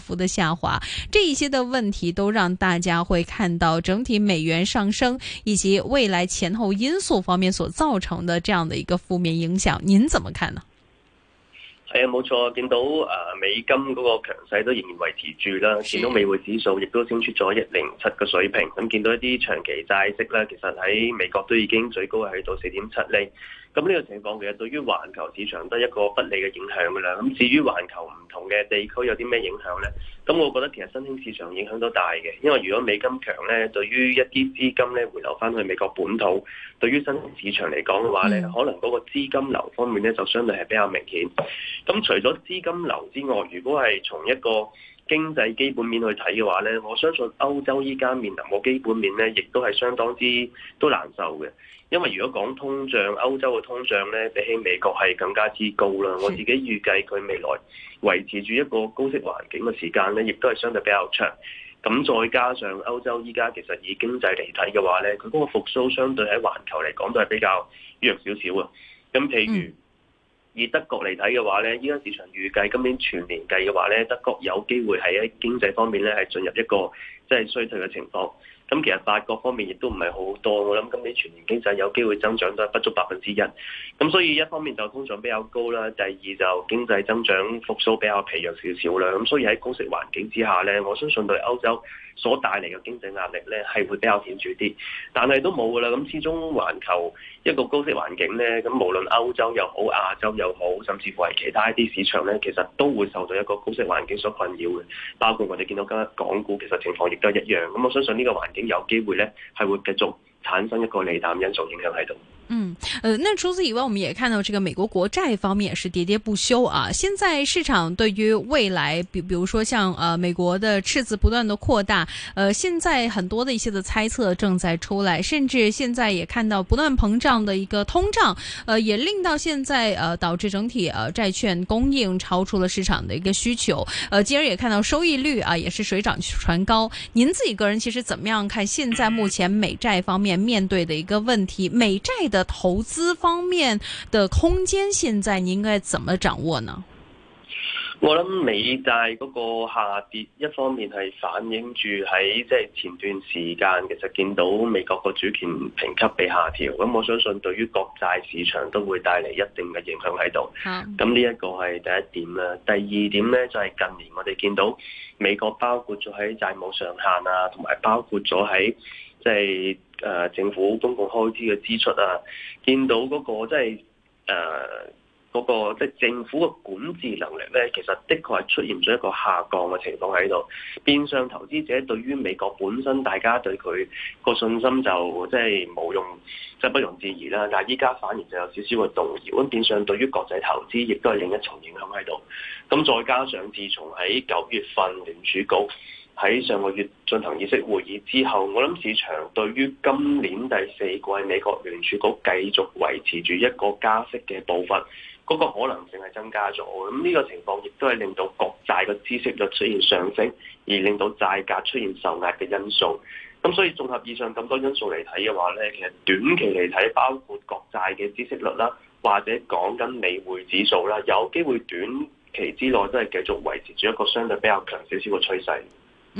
幅的下滑，這一些的問題都讓大家會看到整體美元上升以及未來前後因素方面所造成的這樣的一個負面影響，您怎麼看呢？係啊，冇錯，見到誒、呃、美金嗰個強勢都仍然維持住啦，見到美匯指數亦都升出咗一零七嘅水平，咁見到一啲長期債息啦，其實喺美國都已經最高係去到四點七厘，咁呢個情況其實對於環球市場都係一個不利嘅影響噶啦，咁至於環球唔同嘅地區有啲咩影響呢？咁、嗯、我覺得其實新興市場影響都大嘅，因為如果美金強呢，對於一啲資金呢回流翻去美國本土，對於新興市場嚟講嘅話呢，可能嗰個資金流方面呢就相對係比較明顯。咁、嗯、除咗資金流之外，如果係從一個經濟基本面去睇嘅話呢，我相信歐洲依家面臨嘅基本面呢亦都係相當之都難受嘅。因為如果講通脹，歐洲嘅通脹呢比起美國係更加之高啦。我自己預計佢未來為持住一個高息環境嘅時間咧，亦都係相對比較長。咁再加上歐洲依家其實以經濟嚟睇嘅話咧，佢嗰個復甦相對喺環球嚟講都係比較弱少少啊。咁譬如以德國嚟睇嘅話咧，依家市場預計今年全年計嘅話咧，德國有機會喺經濟方面咧係進入一個即係衰退嘅情況。咁其實法國方面亦都唔係好多，我諗今年全年經濟有機會增長都係不足百分之一。咁所以一方面就通脹比較高啦，第二就經濟增長復甦比較疲弱少少啦。咁所以喺高息環境之下咧，我相信對歐洲所帶嚟嘅經濟壓力咧，係會比較顯著啲，但係都冇噶啦。咁始終環球一個高息環境咧，咁無論歐洲又好、亞洲又好，甚至乎係其他一啲市場咧，其實都會受到一個高息環境所困擾嘅。包括我哋見到今日港股，其實情況亦都係一樣。咁我相信呢個環境有機會咧，係會繼續。產生一個利淡因素影響喺度。嗯，呃，那除此以外，我們也看到這個美國國債方面也是跌跌不休啊。現在市場對於未來，比，比如說像，呃美國的赤字不斷的擴大，呃，現在很多的一些的猜測正在出來，甚至現在也看到不斷膨脹的一個通脹，呃，也令到現在，呃導致整體呃債券供應超出了市場的一個需求，呃，進而也看到收益率啊，呃，也是水漲船高。您自己個人其實怎麼樣看？現在目前美債方面？面對的一個問題，美債的投資方面的空間，現在你應該怎麼掌握呢？我諗美債嗰個下跌，一方面係反映住喺即係前段時間，其實見到美國個主權評級被下調，咁我相信對於國債市場都會帶嚟一定嘅影響喺度。咁呢一個係第一點啦，第二點咧就係近年我哋見到美國包括咗喺債務上限啊，同埋包括咗喺即係。誒、呃、政府公共開支嘅支出啊，見到嗰個即係誒嗰個即係政府嘅管治能力咧，其實的確係出現咗一個下降嘅情況喺度。變相投資者對於美國本身，大家對佢個信心就即係冇用，即、就、係、是、不容置疑啦。但係依家反而就有少少嘅動搖咁，變相對於國際投資亦都係另一重影響喺度。咁再加上自從喺九月份聯儲局。喺上個月進行議息會議之後，我諗市場對於今年第四季美國聯儲局繼續維持住一個加息嘅步伐，嗰、那個可能性係增加咗嘅。咁呢個情況亦都係令到國債嘅孳息率出現上升，而令到債價出現受壓嘅因素。咁所以綜合以上咁多因素嚟睇嘅話咧，其實短期嚟睇，包括國債嘅孳息率啦，或者講緊美匯指數啦，有機會短期之內都係繼續維持住一個相對比較強少少嘅趨勢。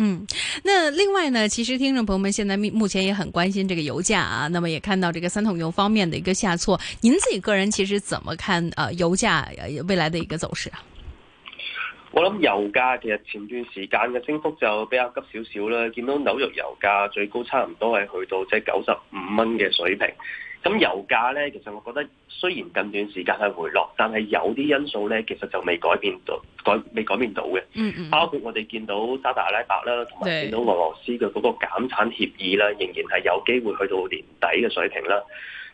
嗯，那另外呢，其實聽眾朋友們現在目前也很關心這個油價啊，那麼也看到這個三桶油方面的一個下挫，您自己個人其實怎麼看啊，油價未來的一個走勢啊？我諗油價其實前段時間嘅升幅就比較急少少啦，見到紐約油價最高差唔多係去到即係九十五蚊嘅水平。咁油價咧，其實我覺得雖然近段時間係回落，但係有啲因素咧，其實就未改變到改未改變到嘅。嗯嗯。包括我哋見到沙特阿拉伯啦，同埋見到俄羅斯嘅嗰個減產協議啦，仍然係有機會去到年底嘅水平啦。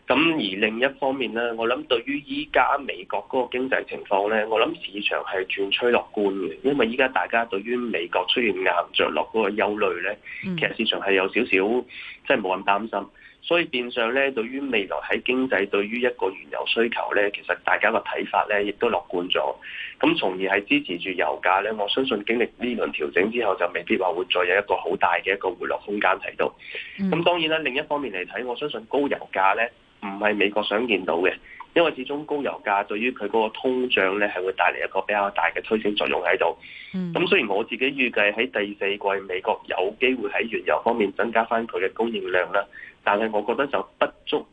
咁而另一方面咧，我諗對於依家美國嗰個經濟情況咧，我諗市場係轉趨樂觀嘅，因為依家大家對於美國出現硬着落嗰個憂慮咧，其實市場係有少少即係冇咁擔心。所以變相咧，對於未來喺經濟，對於一個原油需求咧，其實大家個睇法咧，亦都樂觀咗。咁從而係支持住油價咧。我相信經歷呢輪調整之後，就未必話會再有一個好大嘅一個回落空間喺度。咁當然啦，另一方面嚟睇，我相信高油價咧，唔係美國想見到嘅，因為始終高油價對於佢嗰個通脹咧，係會帶嚟一個比較大嘅推升作用喺度。咁雖然我自己預計喺第四季，美國有機會喺原油方面增加翻佢嘅供應量啦。但係，我覺得就不足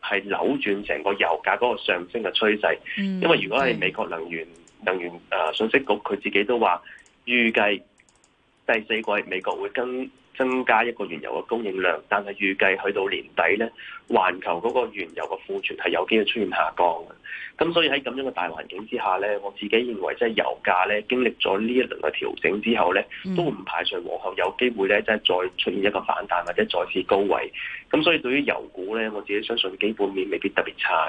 係扭轉成個油價嗰個上升嘅趨勢，嗯、因為如果係美國能源的能源啊信息局，佢自己都話預計第四季美國會跟。增加一個原油嘅供應量，但係預計去到年底呢，環球嗰個原油嘅庫存係有機會出現下降。咁所以喺咁樣嘅大環境之下呢，我自己認為即係油價呢經歷咗呢一輪嘅調整之後呢，都唔排除往後有機會呢，即係再出現一個反彈或者再次高位。咁所以對於油股呢，我自己相信基本面未必特別差。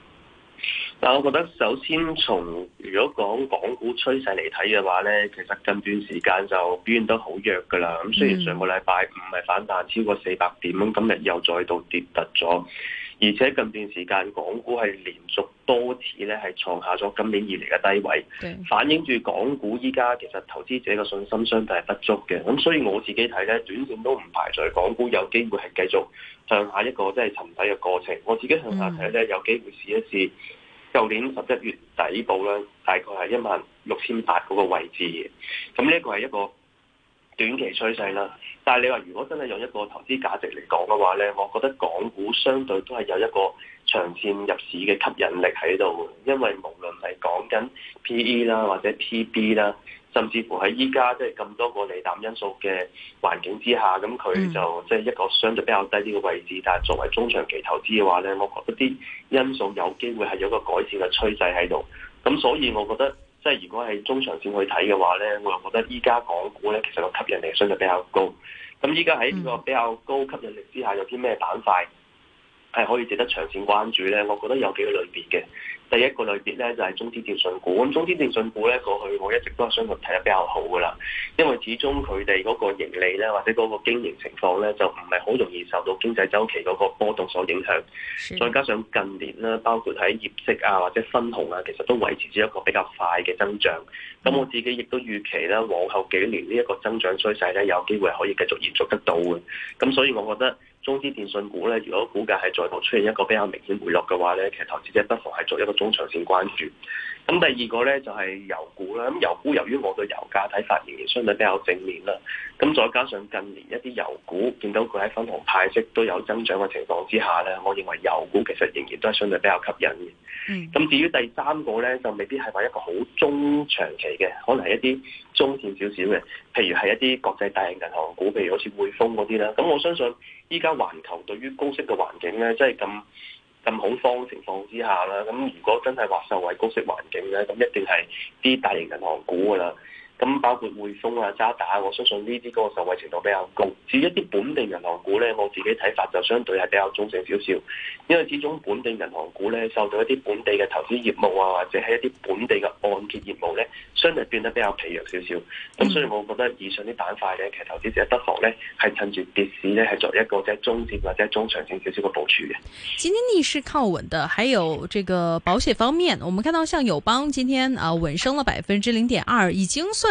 但我覺得，首先從如果講港股趨勢嚟睇嘅話咧，其實近段時間就表現得好弱㗎啦。咁雖然上個禮拜五係反彈超過四百點，咁今日又再度跌突咗。而且近段時間港股係連續多次咧係創下咗今年以嚟嘅低位，的反映住港股依家其實投資者嘅信心相對係不足嘅。咁所以我自己睇咧，短線都唔排除港股有機會係繼續向下一個即係尋底嘅過程。我自己向下睇咧，有機會試一試。舊年十一月底部咧，大概係一萬六千八嗰個位置嘅，咁呢個係一個短期趨勢啦。但係你話如果真係有一個投資價值嚟講嘅話呢，我覺得港股相對都係有一個長線入市嘅吸引力喺度，因為無論係講緊 PE 啦或者 PB 啦。甚至乎喺依家即係咁多個利淡因素嘅環境之下，咁佢就即係一個相對比較低啲嘅位置。但係作為中長期投資嘅話呢，我覺得啲因素有機會係有一個改善嘅趨勢喺度。咁所以我覺得，即係如果係中長線去睇嘅話呢，我又覺得依家港股呢，其實個吸引力相對比較高。咁依家喺呢個比較高吸引力之下，有啲咩板塊？係可以值得長線關注咧，我覺得有幾個類別嘅。第一個類別咧就係、是、中資電訊股，咁、嗯、中資電訊股咧，過去我一直都係相對睇得比較好嘅啦。因為始終佢哋嗰個盈利咧或者嗰個經營情況咧，就唔係好容易受到經濟周期嗰個波動所影響。的再加上近年咧，包括喺業績啊或者分紅啊，其實都維持住一個比較快嘅增長。咁我自己亦都預期咧，往後幾年呢一個增長趨勢咧，有機會係可以繼續延續得到嘅。咁所以我覺得。中資電信股咧，如果股價係再度出現一個比較明顯回落嘅話咧，其實投資者不妨係做一個中長線關注。咁第二個咧就係、是、油股啦，咁油股由於我對油價睇法面相對比較正面啦，咁再加上近年一啲油股見到佢喺分紅派息都有增長嘅情況之下咧，我認為油股其實仍然都係相對比較吸引嘅。咁、嗯、至於第三個咧，就未必係話一個好中長期嘅，可能係一啲中線少少嘅，譬如係一啲國際大型銀行股，譬如好似匯豐嗰啲啦。咁我相信依家環球對於高息嘅環境咧，即係咁。咁恐慌情況之下啦，咁如果真係話受惠高息環境咧，咁一定係啲大型銀行股㗎喇。咁包括匯豐啊、渣打，我相信呢啲嗰個受惠程度比較高。至於一啲本地銀行股咧，我自己睇法就相對係比較中性少少，因為始終本地銀行股咧受到一啲本地嘅投資業務啊，或者係一啲本地嘅按揭業務咧，相對變得比較疲弱少少。咁所以我覺得以上啲板塊咧，其實投資者不妨咧係趁住跌市咧，係作一個即係中線或者係中長線少少嘅部署嘅。今天逆勢靠穩的，還有這個保險方面，我們看到像友邦今天啊穩升了百分之零點二，已經算。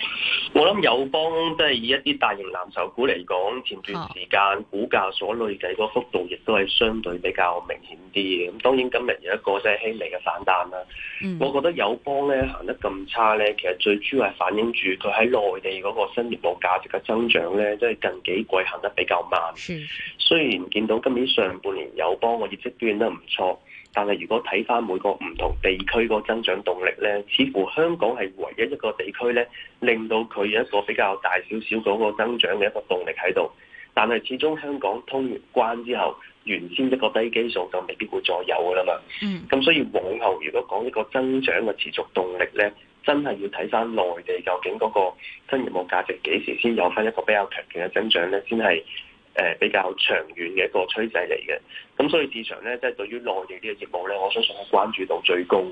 Um, 我諗友邦即係以一啲大型藍籌股嚟講，前段時間股價所累計嗰幅度亦都係相對比較明顯啲嘅。咁當然今日有一個即係輕微嘅反彈啦，啊。Um, 我覺得友邦咧行得咁差咧，其實最主要係反映住佢喺內地嗰個新業務價值嘅增長咧，即係近幾季行得比較慢。Uh, 雖然見到今年上半年友邦個業績表現得唔錯。但係如果睇翻每個唔同地區個增長動力咧，似乎香港係唯一一個地區咧，令到佢有一個比較大少少嗰個增長嘅一個動力喺度。但係始終香港通完關之後，原先一個低基數就未必會再有噶啦嘛。嗯。咁所以往後如果講一個增長嘅持續動力咧，真係要睇翻內地究竟嗰個新業務價值幾時先有翻一個比較強勁嘅增長咧，先係。誒比較長遠嘅一個趨勢嚟嘅，咁所以市場咧即係對於內地呢個業務咧，我相信係關注度最高。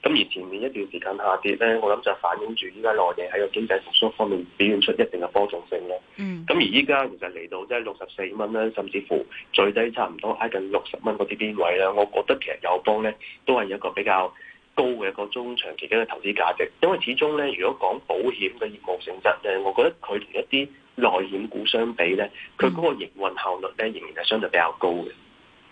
咁而前面一段時間下跌咧，我諗就反映住依家內地喺個經濟復甦方面表現出一定嘅波動性咯。嗯。咁而依家其實嚟到即係六十四蚊啦，甚至乎最低差唔多挨近六十蚊嗰啲邊位咧，我覺得其實友邦咧都係一個比較高嘅一個中長期嘅投資價值。因為始終咧，如果講保險嘅業務性質，誒，我覺得佢同一啲，內險股相比咧，佢嗰個營運效率咧，仍然係相對比較高嘅。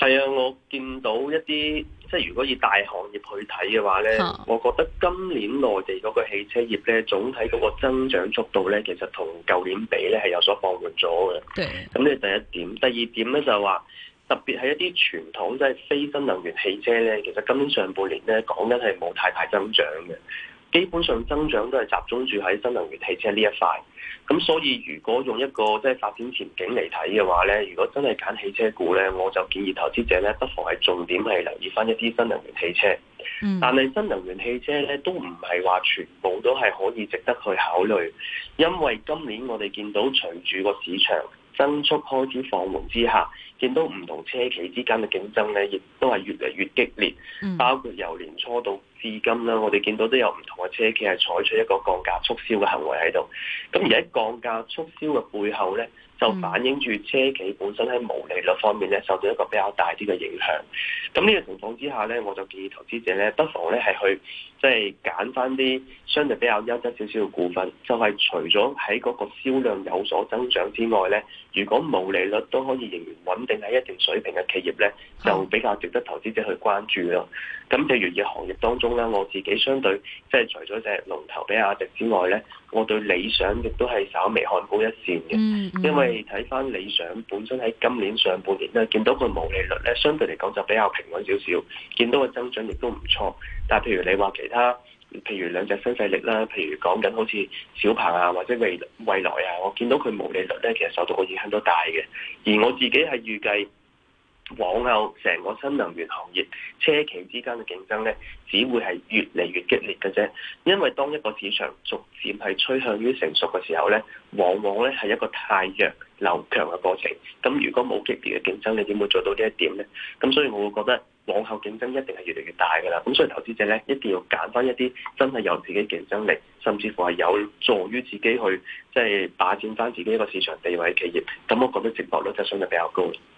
係啊，我見到一啲即係如果以大行業去睇嘅話呢，嗯、我覺得今年內地嗰個汽車業呢，總體嗰個增長速度呢，其實同舊年比呢係有所放緩咗嘅。咁呢對第一點，第二點呢，就係話特別係一啲傳統即係非新能源汽車呢，其實今年上半年呢，講緊係冇太大增長嘅。基本上增長都係集中住喺新能源汽車呢一塊，咁所以如果用一個即係發展前景嚟睇嘅話呢，如果真係揀汽車股呢，我就建議投資者呢，不妨係重點係留意翻一啲新能源汽車。嗯。但係新能源汽車呢，都唔係話全部都係可以值得去考慮，因為今年我哋見到隨住個市場增速開始放緩之下。見到唔同車企之間嘅競爭咧，亦都係越嚟越激烈。嗯。包括由年初到至今啦，我哋見到都有唔同嘅車企係採取一個降價促銷嘅行為喺度。咁而喺降價促銷嘅背後咧，就反映住車企本身喺毛利率方面咧，受到一個比較大啲嘅影響。咁呢個情況之下咧，我就建議投資者咧，不妨咧係去即係揀返啲相對比較優質少少嘅股份。就係除咗喺嗰個銷量有所增長之外咧，如果毛利率都可以仍然穩。定喺一定水平嘅企業咧，就比較值得投資者去關注咯。咁譬如嘅行業當中咧，我自己相對即係除咗隻龍頭比亞迪之外咧，我對理想亦都係稍微看高一線嘅，嗯嗯、因為睇翻理想本身喺今年上半年咧，見到個毛利率咧相對嚟講就比較平穩少少，見到個增長亦都唔錯。但譬如你話其他。譬如兩隻新勢力啦，譬如講緊好似小鵬啊，或者未未來啊，我見到佢毛利率咧，其實受到嘅影響都大嘅，而我自己係預計。往後成個新能源行業車企之間嘅競爭咧，只會係越嚟越激烈嘅啫。因為當一個市場逐漸係趨向於成熟嘅時候咧，往往咧係一個汰弱留強嘅過程。咁如果冇激烈嘅競爭，你點會做到呢一點咧？咁所以我會覺得往後競爭一定係越嚟越大噶啦。咁所以投資者咧一定要揀翻一啲真係有自己競爭力，甚至乎係有助於自己去即係霸佔翻自己一個市場地位嘅企業。咁我覺得值博率就相對比較高。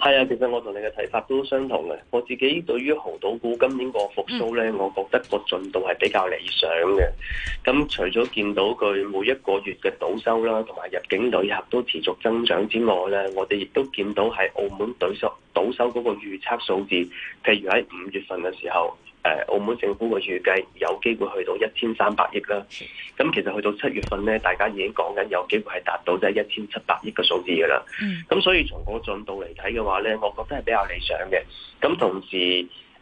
係啊，其實我同你嘅睇法都相同嘅。我自己對於濠賭股今年個復甦咧，我覺得個進度係比較理想嘅。咁除咗見到佢每一個月嘅賭收啦，同埋入境旅客都持續增長之外咧，我哋亦都見到喺澳門賭收賭收嗰個預測數字，譬如喺五月份嘅時候。澳門政府嘅預計有機會去到一千三百億啦。咁其實去到七月份咧，大家已經講緊有機會係達到即係一千七百億嘅數字噶啦。咁、嗯、所以從嗰個進度嚟睇嘅話咧，我覺得係比較理想嘅。咁同時，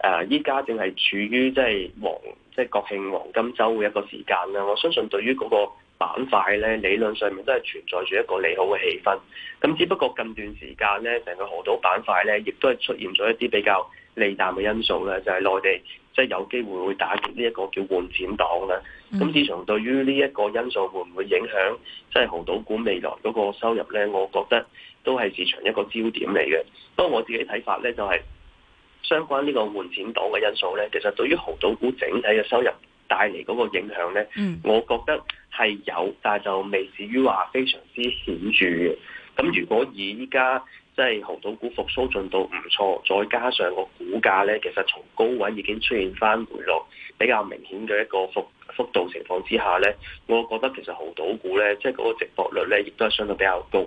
誒依家正係處於即係黃，即係國慶黃金週嘅一個時間啦。我相信對於嗰個板塊咧，理論上面都係存在住一個利好嘅氣氛。咁只不過近段時間咧，成個濠賭板塊咧，亦都係出現咗一啲比較利淡嘅因素咧，就係內地即係有機會會打擊呢一個叫換錢黨咧。咁、嗯、市場對於呢一個因素會唔會影響即係豪賭股未來嗰個收入咧？我覺得都係市場一個焦點嚟嘅。不過我自己睇法咧，就係相關呢個換錢黨嘅因素咧，其實對於豪賭股整體嘅收入帶嚟嗰個影響咧，嗯、我覺得係有，但係就未至於話非常之顯著嘅。咁如果以依家即係濠賭股復甦進度唔錯，再加上個股價呢，其實從高位已經出現翻回落，比較明顯嘅一個復幅度情況之下呢，我覺得其實濠賭股呢，即係嗰個值博率呢，亦都係相對比較高。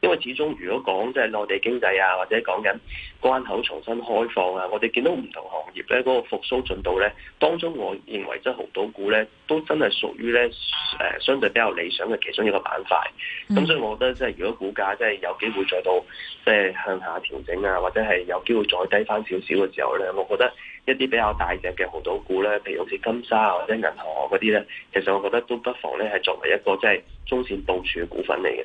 因為始終如果講即係內地經濟啊，或者講緊關口重新開放啊，我哋見到唔同行業呢，嗰、嗰個復甦進度呢，當中我認為即係濠賭股呢，都真係屬於呢，誒相對比較理想嘅其中一個板塊。咁、mm. 所以，我覺得即係如果股價即係有機會再到即係向下調整啊，或者係有機會再低翻少少嘅時候呢，我覺得。一啲比較大隻嘅濠賭股咧，譬如好似金沙啊或者銀河嗰啲咧，其實我覺得都不妨咧係作為一個即係中線部署嘅股份嚟嘅。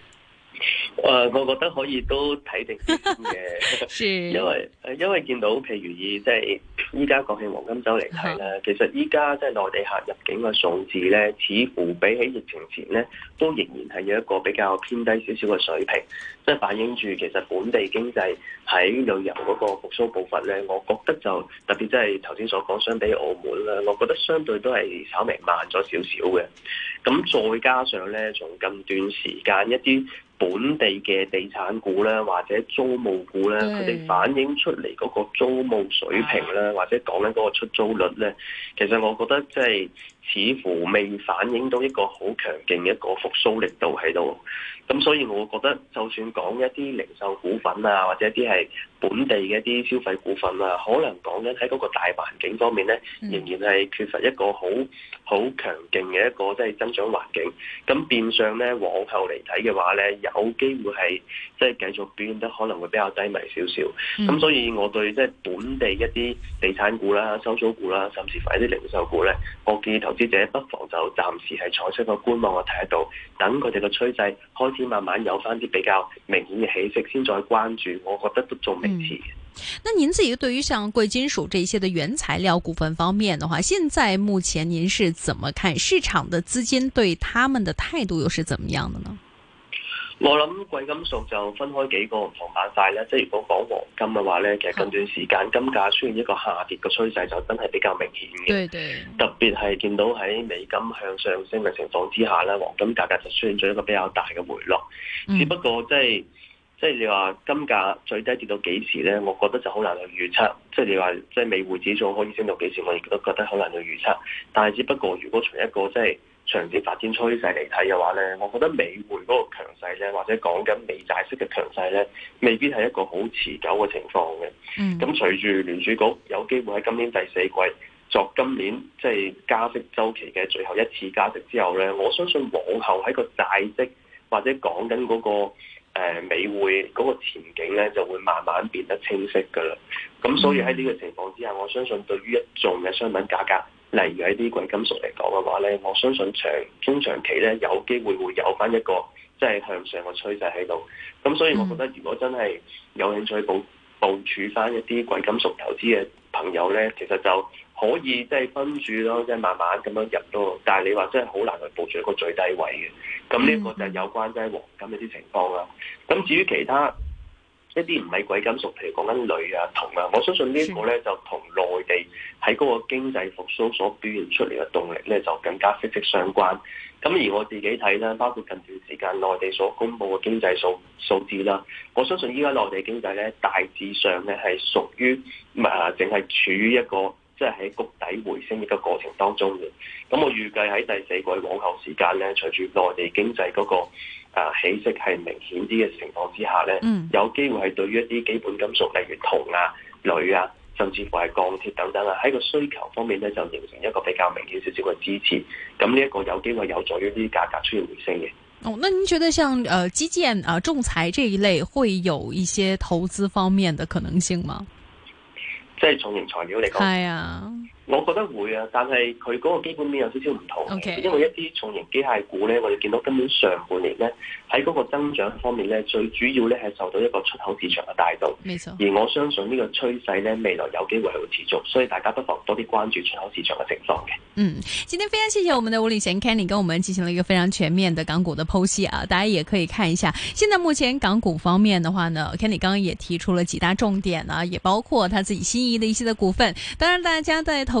誒，我覺得可以都睇定先嘅 的，因為因為見到譬如以即係依家國慶黃金周嚟睇啦，的其實依家即係內地客入境嘅數字咧，似乎比起疫情前咧，都仍然係有一個比較偏低少少嘅水平，即係反映住其實本地經濟喺旅遊嗰個復甦步伐咧，我覺得就特別即係頭先所講，相比澳門啦，我覺得相對都係稍微慢咗少少嘅。咁再加上咧，從近段時間一啲，本地嘅地產股咧，或者租務股咧，佢哋反映出嚟嗰個租務水平咧，或者講緊嗰個出租率咧，其實我覺得即係。似乎未反映到一個好強勁嘅一個復蘇力度喺度，咁所以我覺得就算講一啲零售股份啊，或者一啲係本地嘅一啲消費股份啊，可能講緊喺嗰個大環境方面咧，仍然係缺乏一個好好強勁嘅一個即係增長環境。咁變相咧，往後嚟睇嘅話咧，有機會係即係繼續表現得可能會比較低迷少少。咁所以我對即係本地一啲地產股啦、收租股啦，甚至乎一啲零售股咧，我記。投資者不妨就暫時係採取個觀望嘅態度，等佢哋嘅趨勢開始慢慢有翻啲比較明顯嘅起色，先再關注。我覺得都仲未遲。那您自己對於像貴金屬這些的原材料股份方面的話，現在目前您是怎麼看？市場的資金對他們的態度又是怎麼樣的呢？我諗貴金屬就分開幾個唔同板塊咧，即係如果講黃金嘅話咧，其實近段時間金價出現一個下跌嘅趨勢，就真係比較明顯嘅。對對。特別係見到喺美金向上升嘅情況之下咧，黃金價格就出現咗一個比較大嘅回落。嗯。只不過即係即係你話金價最低跌到幾時咧？我覺得就好難去預測。即係你話即係美匯指數可以升到幾時？我亦都覺得好難去預測。但係只不過如果從一個即係。長線發展趨勢嚟睇嘅話咧，我覺得美匯嗰個強勢咧，或者講緊美債息嘅強勢咧，未必係一個好持久嘅情況嘅。嗯、mm.，咁隨住聯儲局有機會喺今年第四季作今年即係加息周期嘅最後一次加息之後咧，我相信往後喺個債息或者講緊嗰個誒美匯嗰個前景咧，就會慢慢變得清晰㗎喇。咁、mm. 所以喺呢個情況之下，我相信對於一眾嘅商品價格。例如喺啲貴金屬嚟講嘅話咧，我相信長中長期咧有機會會有翻一個即係、就是、向上嘅趨勢喺度。咁所以，我覺得如果真係有興趣部部署翻一啲貴金屬投資嘅朋友咧，其實就可以即係分住咯，即、就、係、是、慢慢咁樣入到。但係你話真係好難去部署一個最低位嘅。咁呢個就係有關即係黃金一啲情況啦。咁至於其他，一啲唔係貴金屬，譬如講緊鋁啊、銅啊，我相信呢一個咧就同內地喺嗰個經濟復甦所表現出嚟嘅動力咧就更加息息相關。咁而我自己睇啦，包括近段時間內地所公布嘅經濟數數字啦，我相信依家內地經濟咧大致上咧係屬於啊淨係處於一個即係喺谷底回升嘅一個過程當中嘅。咁我預計喺第四季往後時間咧，隨住內地經濟嗰個。啊！起色係明顯啲嘅情況之下咧，嗯、有機會係對於一啲基本金屬，例如銅啊、鋁啊，甚至乎係鋼鐵等等啊，喺個需求方面咧，就形成一個比較明顯少少嘅支持。咁呢一個有機會有助於啲價格出現回升嘅。哦，那您覺得像誒、呃、基建啊、重、呃、材這一類，會有一些投資方面的可能性嗎？即係從原材料嚟講，係啊、哎。我覺得會啊，但係佢嗰個基本面有少少唔同，因為一啲重型機械股呢，我哋見到今年上半年呢，喺嗰個增長方面呢，最主要呢係受到一個出口市場嘅帶動。冇錯，而我相信呢個趨勢呢，未來有機會係會持續，所以大家不妨多啲關注出口市場嘅情況。嗯，今天非常謝謝我們的伍禮賢 Kenny 跟我們進行了一個非常全面的港股的剖析啊！大家也可以看一下，現在目前港股方面嘅話呢，Kenny 剛剛也提出了幾大重點啊，也包括他自己心儀的一些的股份。當然，大家在投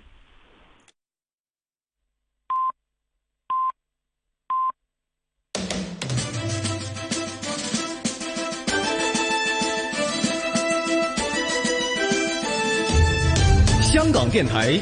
香港電台。